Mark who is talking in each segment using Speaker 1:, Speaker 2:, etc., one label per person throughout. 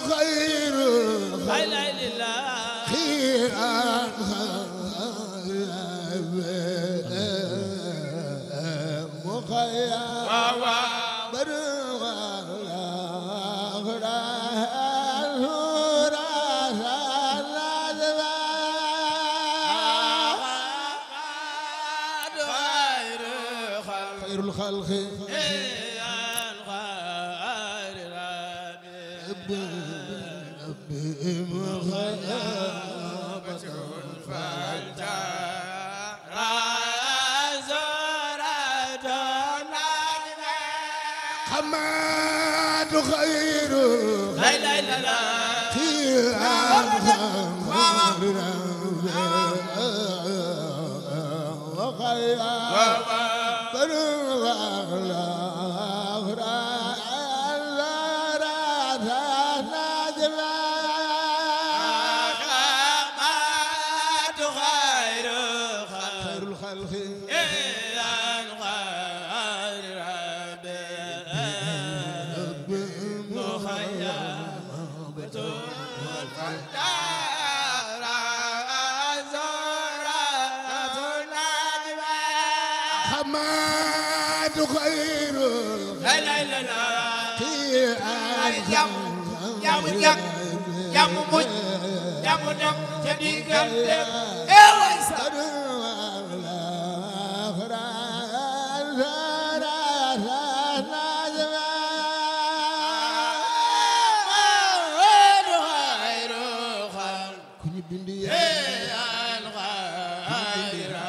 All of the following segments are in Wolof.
Speaker 1: خير لا اله الا الله خير مخيا واوا بروا خير الخلق حماد خير لا لا لا لا خير وخير الخير لا لا لا لا يا يا يا يا مج يا مدم جديك يا ويسا bindi yaa alxayra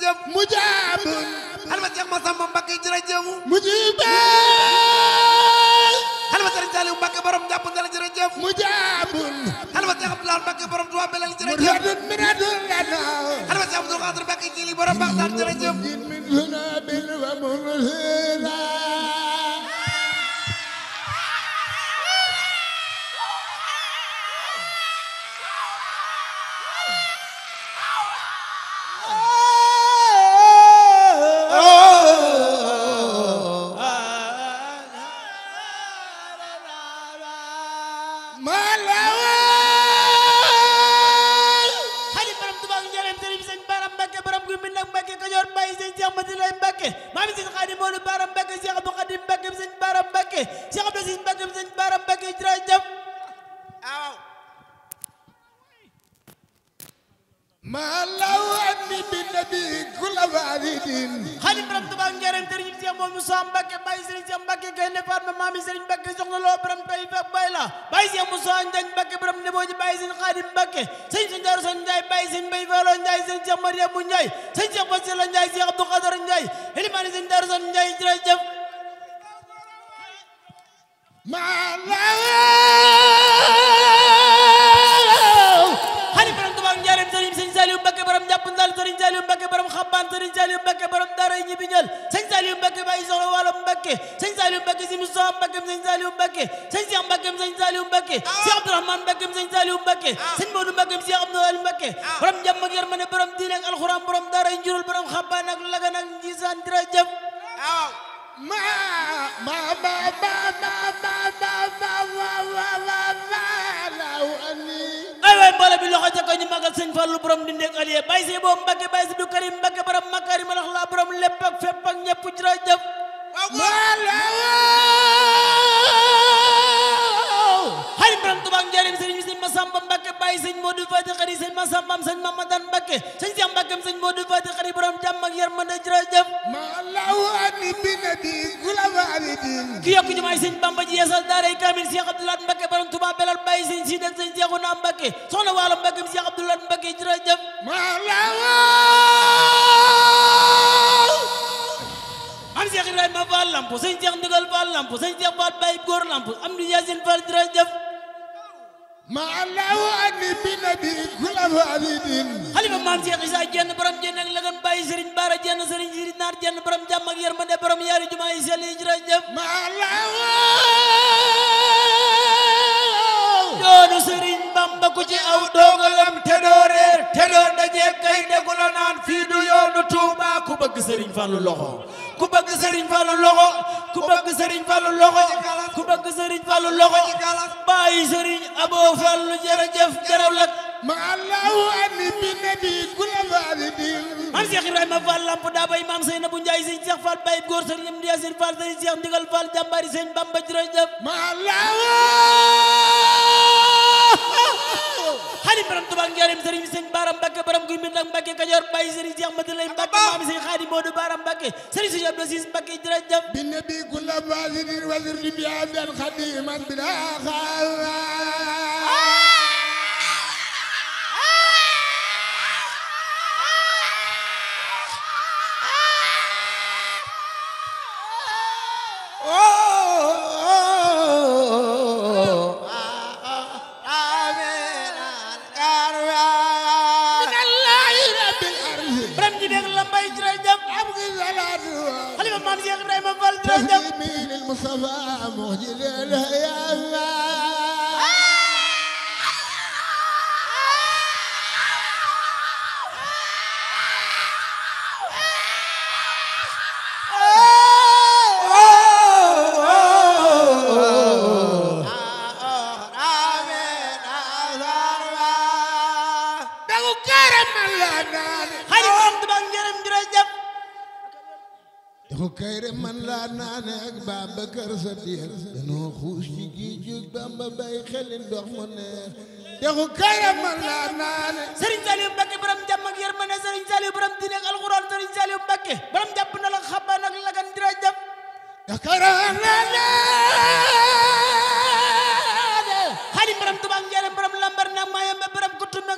Speaker 1: jërëjëf mujaab xalifa Cheikh Massamba Mbacké jërëjëf mujiib xalifa Serigne Saliou Mbacké borom jàpp ndal jërëjëf mujaab xalifa Cheikh Abdoulaye Mbacké borom Touba Belel jërëjëf xalifa Cheikh Abdou Khadre Mbacké jili borom Baxdad jërëjëf lay Mbàkke ma law anni bi nabi kula waridin xadim borom Tuubaa njareem sëriñ Cheikh moom Moussa Mbacke baay sëriñ Cheikh Mbacke gaynde Fatma maami sëriñ Mbacke soxna loo borom tay fak bay la baay Cheikh Moussa Ndiagne Mbacke borom nebooji baay sëriñ Xadim Mbacke sëriñ sa Ndiaro Sane Ndiaye baay sëriñ Mbay Faalo Ndiaye sëriñ Cheikh Mariamu Ndiaye sëriñ Cheikh Basila Ndiaye Cheikh Abdou Khadar Ndiaye Elimane sëriñ Ndiaro Sane Ndiaye jërëjëf ma law way ñibbi ñal ba Saliou Mbacké bàyyi soxla walam Mbacké sëñ Saliou Mbacké si Moussa Mbacké sëñ Saliou Mbacké sëñ Cheikh Mbacké sëñ Saliou Mbacké Cheikh Abdourahmane Mbacké sëñ Saliou Mbacké sëñ Modou Mbacké Cheikh Abdoulaye Mbacké borom jàmm ak alxuraan borom dara njurul borom xabbaan ak lagan dira jëf ma boole bi loxo ca ko ñu magal sëñ Fallu borom di nekk aliye bay si boobu bay si du Karim Mbàkke borom makaarim alaxlaa borom lépp ak fépp ak ñëpp jërëjëf Samba Mbakke bàyyi sëñ Modou Fati Xari sëñ Masamba sëñ Mamadan Mbakke sëñ Seex Mbakke sëñ Modou Fati Xari borom jàmm ak yërmande jërëjëf ma Allahu ani bi nabi kula wa abidin ki yokk jumaay sëñ Bamba ji yeesal daaray Kamil Seex Abdoulaat Mbakke borom Tuubaa belal bàyyi sëñ Sidi ak sëñ Seexuna Mbakke soxna Waalo Mbakke Seex Abdoulaat Mbakke jërëjëf ma am Seex Ibrahima Fall lamp sëñ Seex Ndigal Fall lamp sëñ Seex Fall Baye Góor lamp am du Yaasin Fall jërëjëf ma allahu anni bi nabi kula walidin xalifa maam Cheikh Issa jenn borom jenn ak lagan bàyyi Serigne Bara jenn Serigne Siri Naar jenn borom jàmm ak yërmande borom yaari jumaa yi sell ma allahu doonu Serigne Bamba ku ci aw doogalam te doo réer te doo dajee kay degula naan fii du yoonu Tuubaa ku loxo ku bëgg Serigne Fallou loxo ku bëgg Serigne Fallou loxo ku bëgg Serigne Fallou loxo bàyyi Serigne Abo Fallou jërëjëf jaraw lak ma allahu anni bi nabi kula faridin maam Cheikh daa bay maam Seynabou Ndiaye Serigne Cheikh Fall Baye góor Serigne Amdi Yasir Fall Serigne Cheikh Ndigal Fall jàmbaari Serigne Bamba jërëjëf ma allahu xaadim borom Tuubaa njaareem sëriñ bi sëñ Baara Mbàkke borom guy mbir ak Mbàkke Kajoor bàyyi sëriñ si Ahmadu Lay Mbàkke maami sëñ xaadim Moodu Baara Mbàkke sëriñ si Abdou Sis Mbàkke jërëjëf bi nabi kulla wasirin wasir li bi abdan xadiman bi la xaala Oh! المصطفى مخجل الهيام xarit Omar Ba ngërëm jërëjëf xukayre man laa naane ak Babacar Sadikh danoo xuus ci géejug Bamba bay xelin dox mu neex te xukayre man laa naane Serigne Saliou Mbacké borom jàmm ak yërmande Serigne Saliou borom diine ak alxuraan Serigne Saliou Mbacké borom jàpp na la xabaan ak lagan dira jàpp xukayre man laa naane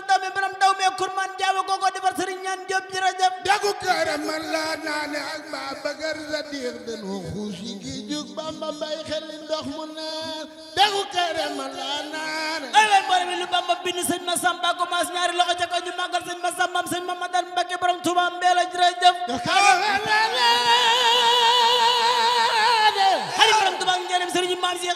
Speaker 1: daw mi borom daw mee kurman jaawa kooko defar dagu karamal laa naane ak maa bëggar bamba bay xeli ndox mu naan dagu ñaari loxo ca kaw ñu màggal sëñ ma sambam sëñ ma madal mbake borom tuba mbeela jërëjëf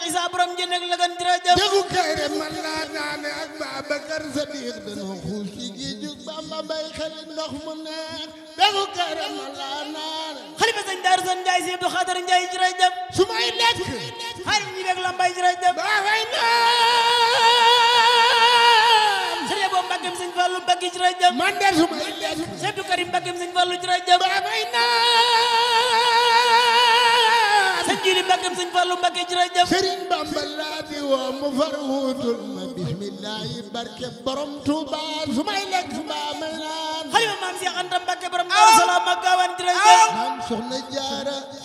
Speaker 1: Cheikh Issa borom jën ak lagan jërëjëf jëgu kayre man laa naane ak Babacar Sadiq danoo xuus ci géejug Bamba bay xeli ndox mu neex jëgu kayre man laa naane xalifa sëñ Daaru Sën Njaay si Abdu Xaadar Njaay jërëjëf su may lekk xarit ñi beeg lambay jërëjëf baa fay naam sëriñ boo mbàggeem sëñ Fallu mbàggi jërëjëf man de su may lekk sëñ Abdu Karim mbàggeem sëñ Fallu jërëjëf baa fay naam sëñ Jili Mbàkke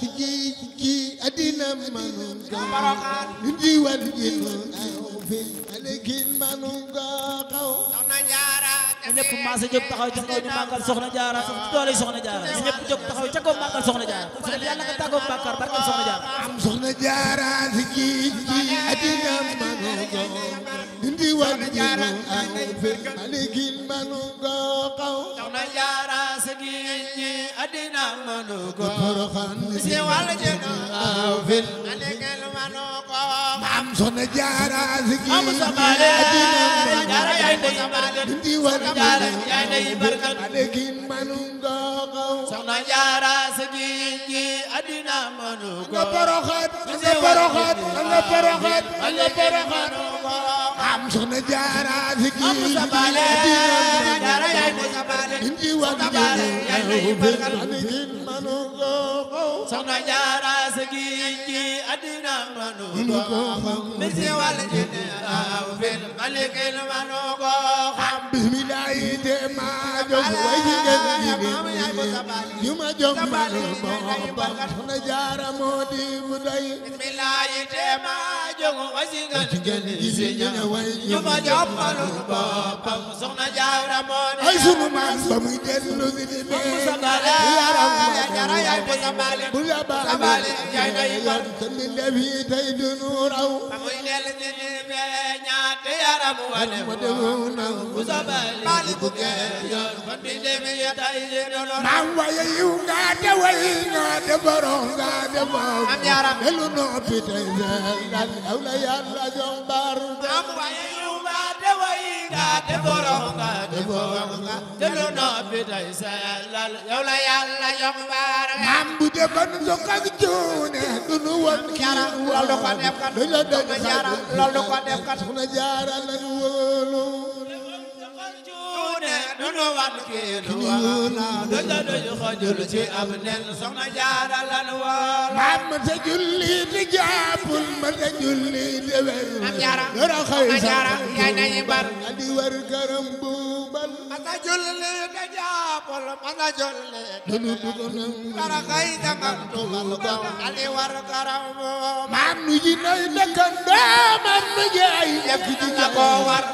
Speaker 1: si ji ji addina manun gaa ñu diwal ji nun aw fi alikin manun gaa xaw soxna ñu ñëpp maase jóg taxaw ca kaw ñu màggal soxna jaara doole soxna jaara ñu ñëpp jóg taxaw ca kaw màggal soxna jaara parce que yàlla nga tàggoo bàkkaar barkal soxna jaara am soxna jaara si ji ji adina manugo indi wan jiro aw aligil manugo kaw soxna jaara si ji ji adina manugo toroxan si wal jiro aw fil aligil manugo soxna jaara ziki am sama jaara yaay ndey barkat ndi war jaara yaay ndey barkat aleki manu ngogo soxna jaara ziki ji adina manu ngogo nga boroxat nga boroxat nga boroxat nga boroxat am soxna jaara ziki adina manu ngogo ndi war jaara yaay ndey barkat aleki manu soxna jaara sa gi manu ko xam mi aw fil malikil manu manu boppam soxna jaara moo di bu doy bismillahi te ma jóg way ci ngeen yu ma jóg manu boppam soxna jaara moo di Malick bu la baax a Malick yaay day bor sa mbindeef yi tey du nu raw ba muy dellu ci ni ñaate yaram wane mu demoon na bu sa Malick bu gee yoon kon mbindeef yi tey du nu raw maam waye yiw nga de way nga de borom nga de borom am yaram melu noppi tey fee nga aw la yàlla jox baar am waye yiw te way nga te borom nga te borom nga te lu noppi day sellal yow la yàlla yokk baar nga maam bu dee ba nu sokk ak joone du nu woon jaara loolu ko def kat loolu ko def kat soxna jaara la nu wóolu nu wan kiinu waan dojo a xojul ci am nen soxna jaara lan woon maam ma ta julli te jaabul ma ta julli te wér di war garam buur masa julli te jaabol masa julli dara kay dangal tumal gom ali war garam maam nu ji nay dëkkan doo maam nu ji ay jëf ji la ko war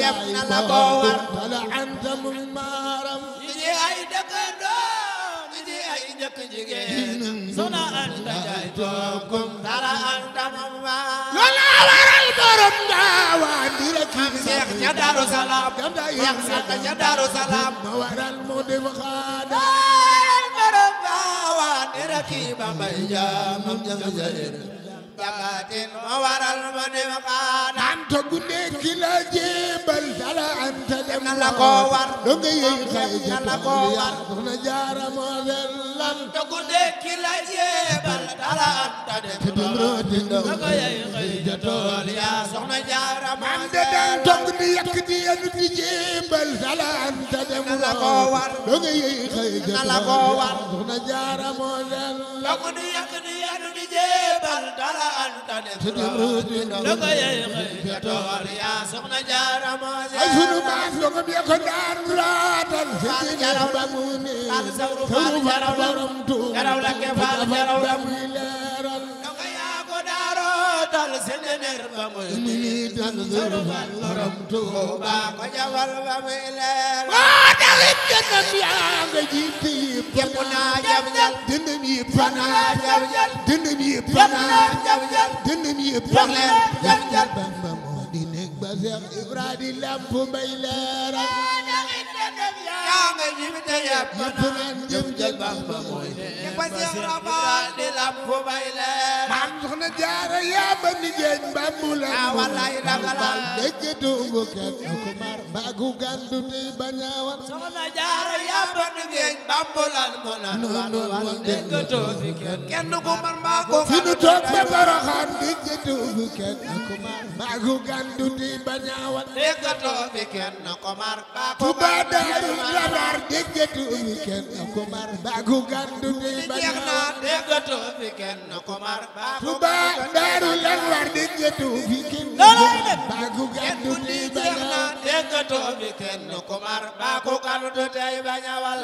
Speaker 1: jëf na la ko war tala anta mun maaram nu ji ay dëkkan doo nu ji ay jëkk jigéen sona anta jaay tookum dara anta ca Daaru Salaam yàq sant ca Daaru Salaam ma waral moo def xaada maram ba waane rakiba may jaamam jang jair jabaatin ma waral moo def xaada anta gu nekk la jébal dala anta dem na la ko war do ngay xay na la ko war na jaara moo del anta gu nekk la jébal dala anta dem na la ko war do ngay xay ja tool yaa soxna jaara moo del yàq di yàq di jéembal salaan te demuloo la ko war da ngay xëy jënd la ko war soxna jaara moo leen yàq di yàq di yàq di jéembal salaan te demuloo la ko war yaa soxna jaara moo leen ay sunu maas la ko bi ko daan raatal si ci jaraw la mu ne tawu fa borom tuub jaraw la ke faal jaraw la muy leer dal seen ner ba muy dal doroban borom Tuuba ko jawal ba muy leer waa dawit jëndam yaa nga jiite yëpp jëpp naa jab jal dëndam yëpp fanaa jab jal dëndam yëpp fanaa jab jal dëndam yëpp fanaa jab jal Bamba moo di nekk ba Seex Ibra di lamp bay leer yaa nga jiite yëpp fanaa jab jal Bamba mooy ba Seex Raba di lampu bay leen maam soxna Jaara yaa ba mi jeeñ ba mu la wallaay dagala dëgg dungu kenn ku mar ba gu gandu tey ba ñaawal soxna Jaara yaa ba mi jeeñ ba mu la wallaay dëgg dungu kenn ku mar ba gu gandu fi nu toog ba baraxaan dëgg dungu kenn ku mar ba gu gandu tey ba ñaawal dëgg dungu kenn ku mar ba gu gandu tey ba ñaawal dëgg dungu kenn ku mar ba gu gandu tey jeex na déggatu fi kenn ko mar Touba Daaru Anwar déggatu fi kenn ko mar ba ko gàddu tey bañ a wal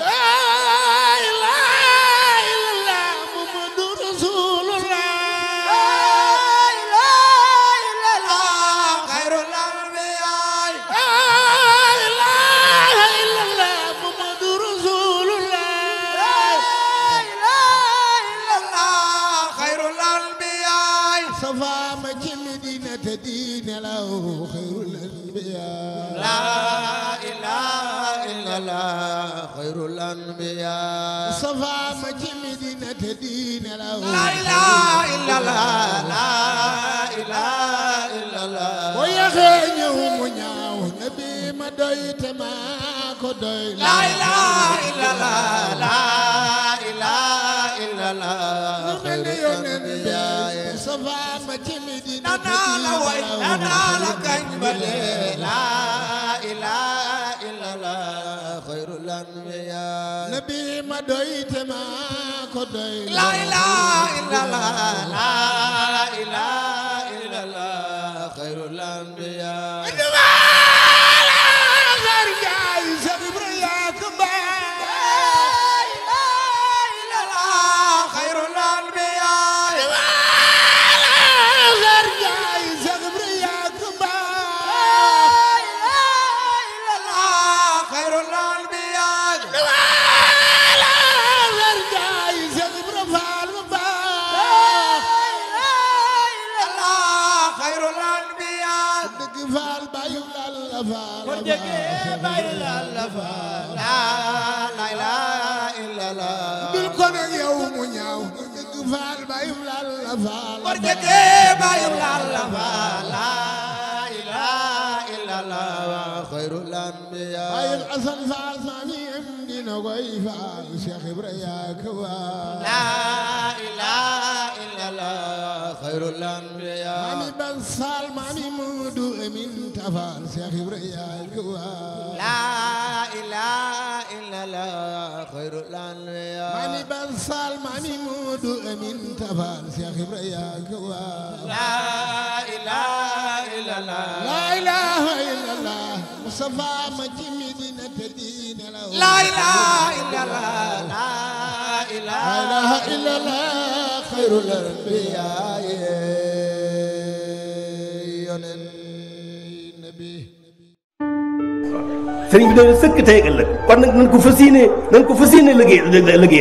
Speaker 1: di la ilaha illallah xayrul anbiya Mustafa ma ci danaa la way danaa la kañ ba lee laa ilaaha illallah xayrul anbiyaa nabi ma doy te ma ko doy laa ilaaha illallah laa ilaaha illallah xayrul anbiyaa kon jege bàyyi la la fa la la la illa
Speaker 2: la dul
Speaker 1: ko nag yow mu ñaaw faal bàyyi la la fa kon jege bàyyi la la fa la ila illa la xayrul anbiya bàyyi asan faal sami dina koy faal Cheikh Ibrahima la ila la xayrul anbiyaa mami basal mami mudu amin tafal Cheikh Ibrahima la ilaha illa la xayrul anbiyaa mami basal mami mudu amin tafal Cheikh Ibrahima la ilaha illa la la ilaha illa la Mustafa ma ci Medina tadina la ilaha illa la la ilaha illa la xayrul anbiyaa yonen nabi sëriñ bi de sëkk tey ëllëg kon nag nañ ko fas yéene nañ ko fas yéene liggéey liggéey